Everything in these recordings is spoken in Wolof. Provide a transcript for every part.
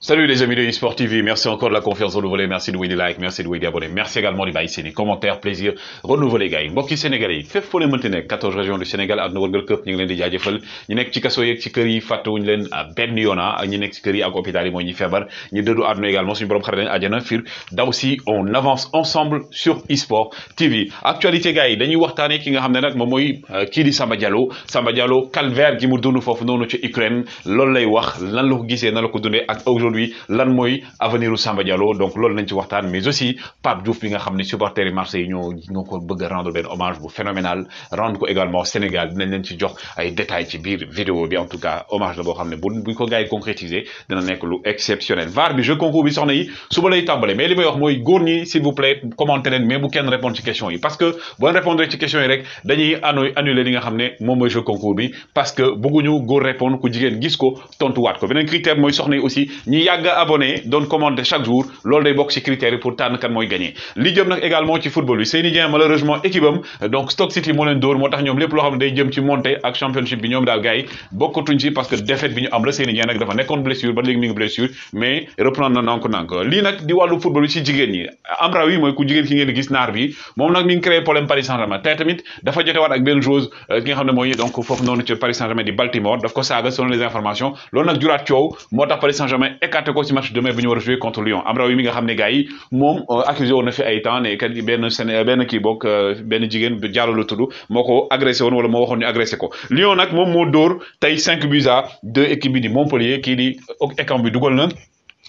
Salut les amis de eSport TV, merci encore de la confiance renouvelée, merci de vous des merci de vous abonner, merci également de baisser les commentaires, plaisir, renouvelez gars yi mbokki sénégalais yi fépp foo leen mënti 14 régions du Sénégal àdduna wërngal këpp ñu ngi leen di jaajëfal ñi nekk ci kaso yeeg ci kër yi fàttewuñu leen ah, benn yoon ak ah, ñi nekk ci kër yi ak hôpital yi mooy ñi feebar ñu dëddu àdduna également suñu borom xarit leen àjjana fiir daw on avance ensemble sur eSport TV actualité gars yi dañuy waxtaanee ki nga xam ne nag moom mooy euh, kii di Samba Diallo Samba Diallo calvert gi mu dund foofu noonu ci Ukraine loolu lay wax lan la ko gisee nan ak aujourd'hui lan venir avenir Samba Diallo donc l'on nañ ci waxtaan mais aussi Pape Diouf bi nga xam supporter supporters Marseille ñoo ñoo ko bëgg rendre ben hommage bu phénoménal rendre ko également Sénégal dinañ leen ci jox ay détails ci biir vidéo bi en tout cas hommage la bo xam bu buñ ko gars yi concrétiser dina nekk lu exceptionnel VAR bi jeu concours bi soxna yi suba lay tambalé mais limay wax moy góor s'il vous plaît commenter leen mais bu kenn répondre ci question yi parce que boo répondre ci question yi rek dañuy annuler li nga xamné ne moom jeu concours bi parce que bëgguñu góor répondre ku jigen gis ko wat ko benen critère moy soxna yi aussi ñi yàgg abonné doon commande chaque jour loolu day bokk ci critères yi pour tànn kan mooy gagné li jëm nag également ci football bi Seny malheureusement équipe am donc stock City moo leen dóor moo tax ñoom lépp loo xam ne day jëm ci montée ak championship bi ñoom daal gars yi bokkatuñ ci parce que défaite bi ñu am la Seny Dieng nag dafa nekkoon blessure ba léegi mi ngi blessure mais reprendre na nank nank lii nag di wàllu football bi ci jigéen ñi Amraoui mooy ku jigéen ki ngeen gis naar bi moom nag mi ngi créé problème Paris Saint-Germain tey tamit dafa jotewaat ak benn chose euh, ki nga xam ne mooy donc foofu noonu ci Paris Saint-Germain di Baltimore daf ko saaga selon les informations loolu nag jurat coow moo tax Paris Saint-Germain écarté ko ci match demain bu ñu wara jouer contre Lyon Amraoui mi nga xamné ne mom euh, accusé won na fi ay temps ne kat benn seen euh, benn kii bokk euh, benn jigéen Diallo la tuddu moko agressé woon wala mo waxoon ñu agressé ko Lyon nak mom mo door tay cinq buts à deux équipe bi di Montpellier ki di Ekambi bi dugal na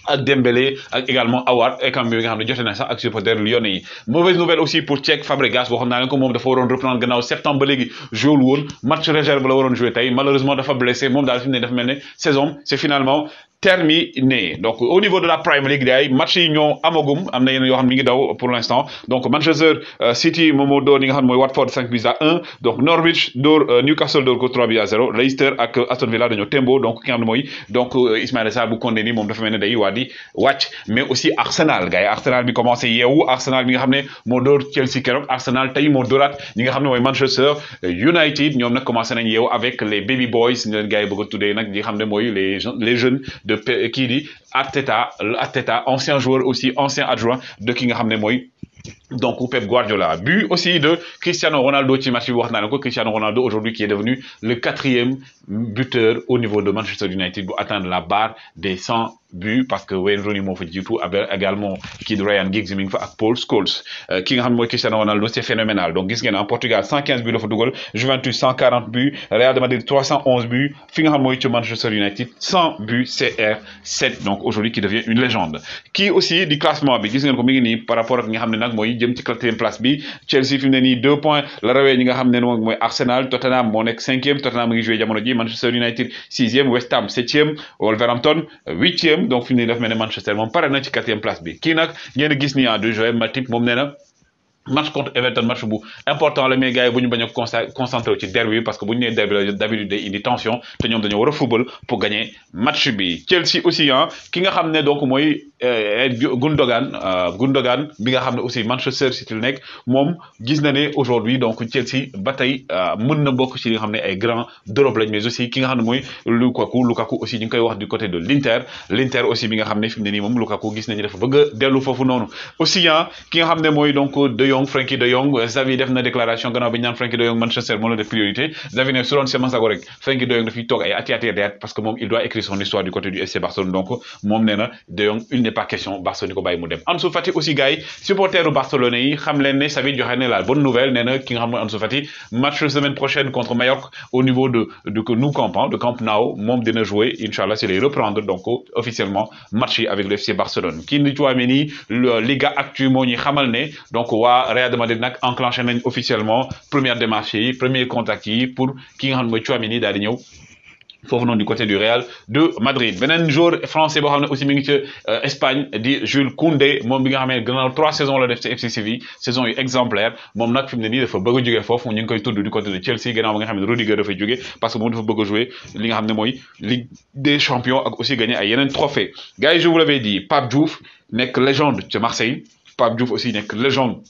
ak Dembélé ak également Awar et bi nga xamné ne na sax ak supporter Lyon. yi mauvaise nouvelle aussi pour Cheikh Fabregas waxon naa leen ko mom dafa waroon reprendre gannaaw septembre légui jours won match réserve la waroon jouer tay malheureusement dafa blessé mom daal fi dafa mel saison c'est finalement terminé donc au niveau de la Prime League day match yi ñoo amagum amna na yo yoo xam ngi daw pour l'instant donc Manchester euh, City moom moo dóor ñi nga xam moy Watford 5 buts à 1 donc Norwich dóor euh, Newcastle dóor ko 3 buts à 0 Leicester ak Aston Villa dañu tembo donc ki nga xam mooy donc euh, Ismaël Sarr bu condé ni mom dafa melni day wadi wacc mais aussi Arsenal gars yi Arsenal bi commencé yewu Arsenal bi nga xamné mo moo dóor Chelsea keroog Arsenal tay mo dóoraat ñi nga xam moy Manchester United ñom nak commencé nañ yewu avec les baby boys ñu leen gars bëgg a nak nag ñi nga xam ne mooy les les jeunes de dit « Ateta, ancien joueur aussi ancien adjoint de King nga donc Pep Guardiola but aussi de Cristiano Ronaldo ci match Cristiano Ronaldo aujourd'hui qui est devenu le quatrième buteur au niveau de Manchester United pour atteindre la barre des 100 buts parce que Wayne Rooney fait fa tout avec également Kid de Ryan Giggs et Paul Scholes qui euh, nga Cristiano Ronaldo c'est phénoménal donc gis en Portugal 115 buts au football Juventus 140 buts Real Madrid 311 buts fi nga Manchester United 100 buts CR7 donc aujourd'hui qui devient une légende qui aussi du classement bi par rapport à nga xam jëm ci quatrième place bi Chelsea fi mu ne nii deux points la rawee ñi nga xam ne mooy Arsenal Tottenham moo nekk cinquième Tottenham mu ngi joué jamono ji Manchester United sixième West Ham septième Wolverhampton huitième donc fi mu ne daf mel ne Manchester moom pare na ci quatrième place bi kii nag ngeen gis ni en ah, deux joueurs Matip moom nee na. match contre Everton match bu important la mais gars yi bu ñu bañ a concentré ci derby bi parce que bu ñu nee derby la d'habitude day indi tension te ñoom dañoo war a football pour gagner match bi Chelsea aussi ah ki nga xam ne donc mooy euh, Gundogan euh, Gundogan bi nga aussi Manchester City nek nec mom gis na aujourd'hui donc Chelsea batay tey euh, mën na bokk ci li nga xam ay grands d'Europe mais aussi ki nga moy Lukaku Lukaku aussi ñu koy wax du côté de l'Inter l'Inter aussi bi nga xam ni mom Lukaku gis nañu dafa bëgg de dellu aussi ah ki nga moy donc De Jong Franky De Jong Xavi def na déclaration gannaaw bi ñaan Frankie De Jong Manchester mo la def priorité Xavi né su c'est semence rek Frenkie De Jong fi a ay ati parce que mom il doit écrire son histoire du côté du FC Barcelone donc mom néna De Jong pas question Barcelone ko bàyyi mu dem Ansu Fati aussi gay Supporter supporteru Barcelone yi xam la bonne nouvelle nee na ki nga Ansu Fati match semaine prochaine contre Mallorca au niveau de de nous de Camp Nou Mom dina jouer Inch'Allah, c'est les reprendre donc officiellement match avec le FC Barcelone kii ni le Liga Actu moo xamal donc wa Real Madrid nak enclenché nañ officiellement première démarche premier contact yi pour ki nga xam foofu noonu du côté du Real de Madrid benen joueur français bo xamné aussi mi ngi ci euh, Espagne di Jules Koundé mom bi nga xamné ne 3 saisons la def ci FC Séville saison yu exemplaire mom nak fimné ni dafa bëgg a jógee ñu ngi koy tuddu du côté de Chelsea gannaaw ba nga xamné ne Rudiger dafa jógee parce que mom dafa bëgg jouer li nga xamné moy Ligue des champions ak aussi gagner ay yenen trophées gars yi je vous l'avais dit Pape Diouf nek légende ci Marseille Pape Diouf aussi nek légende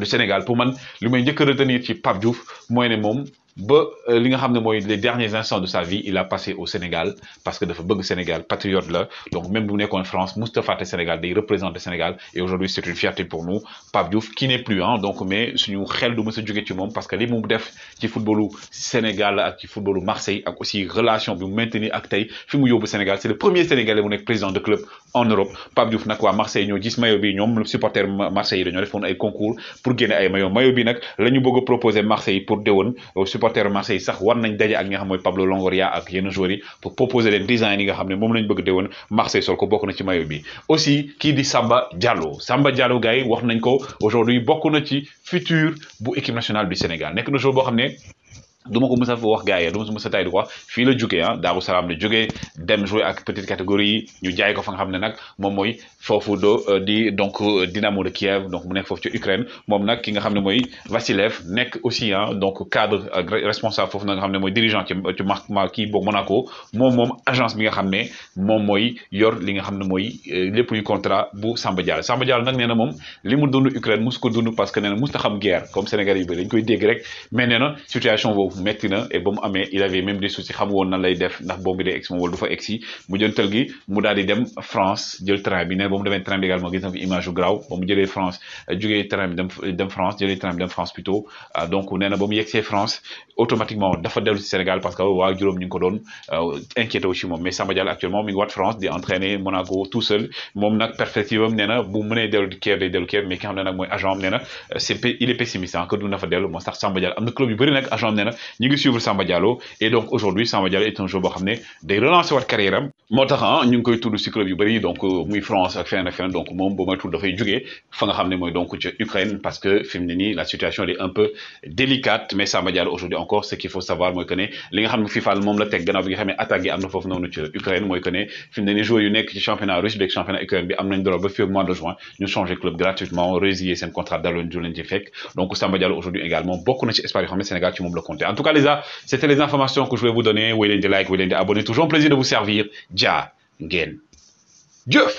du Sénégal pour man li may njëkk retenir ci Pape Diouf moy né mom ba euh, les derniers instants de sa vie il a passé au Sénégal parce que dafa bëgg Sénégal patriote donc même bu en France Moustapha est Sénégal Il représente le Sénégal et aujourd'hui c'est une fierté pour nous Pape Diouf qui n'est plus hein donc mais c'est xel du de a parce que les mu qui ci footballu Sénégal qui ci footballu Marseille ak aussi relation bi mu maintenir ak tey Sénégal c'est le premier Sénégalais bu nekk président de club en Europe Pape Diouf n'a waa Marseille Il gis maillot bi le supporter Marseille Il dañoo un ay concours pour gagner ay maillot maillot bi nag la proposer Marseille pour euh, supporter supporter Marseille sax war nañ daje ak nga xam moy Pablo Longoria ak yenn joueurs yi pour proposer leen design yi nga xam ne moom lañ bëgg de woon Marseille sol ko bokk na ci maillot bi aussi ki di Samba Diallo Samba Diallo gay wax nañ ko aujourd'hui bokk na ci futur bu équipe nationale du Sénégal nek na joueur bo xamné je ko pas wax gars yi duma di ko la ah, daru dem jouer ak petite catégorie ñu jaay ko fa nga xamné euh, donc euh, de Kiev donc mu nekk fofu ci Ukraine mom nak ki nga xamné moy Vasilev aussi hein donc cadre responsable fofu nga xamné dirigeant ci ci Monaco mom mom agence bi nga xamné mom moy yor li nga euh, contrat bu Samba Samba nak parce que musta guerre comme Sénégalais yu dañ koy dégg rek mais situation metti na et ba mu amee il avait même des soucis xam woon nan lay def ndax boobu day egsi moom wala du fa egsi mu jëntal gi mu daal di dem France jël train bi ne ba mu demee train bi également gis na fi image graw ba mu jëlee France jugee train bi dem dem France jëlee train bi dem France plutôt ah, donc nee na ba mu yegsee France automatiquement dafa dellu si Sénégal parce que waa juróom ñu ngi ko doon euh, inquiété aussi si moom mais Samba Diallo actuellement mi ngi waat France di entraîner Monaco tout seul moom nag perspective am nee na bu mënee dellu Kiev day dellu Kiev mais ki xam ne nag mooy agent am nee na euh, c'est il est pessimiste encore ah, que du na fa dellu moo tax Samba Diallo am na club yu bëri nag agent am nee na ñu ngi suivre Samba Diallo et donc aujourd'hui Samba Diallo est un joueur pour xamné de relancer votre carrière moo tax ah ñu ngi koy tudd si club yu bëri donc euh, muy France ak feneen ak feneen donc moom boo ma tudd dafay jugee fa nga xam ne mooy donc ca Ukraine parce que fi mu ne nii la situation elle est un peu délicate mais Samba Diallo aujourd'hui encore ce qu'il faut savoir mooy que ne li nga xam ne FIFA moom la teg gannaaw bi nga xam ne attaque yi am na foofu noonu ca Ukraine mooy que ne fi mu ne nii joueurs yu nekk ci championnat russe bi championnat Ukraine bi am nañ droit ba fii mois de juin ñu changer club gratuitement résilier seen contrat daloon ju leen ci fekk donc Samba Diallo aujourd'hui également bokk na ci espoir yoo xam ne Sénégal ci moom la compter en tout cas les gars c'était les informations que je voulais vous donner wéy leen di like wéy leen di abonner toujours un plaisir de vous servir ja ngeen jëf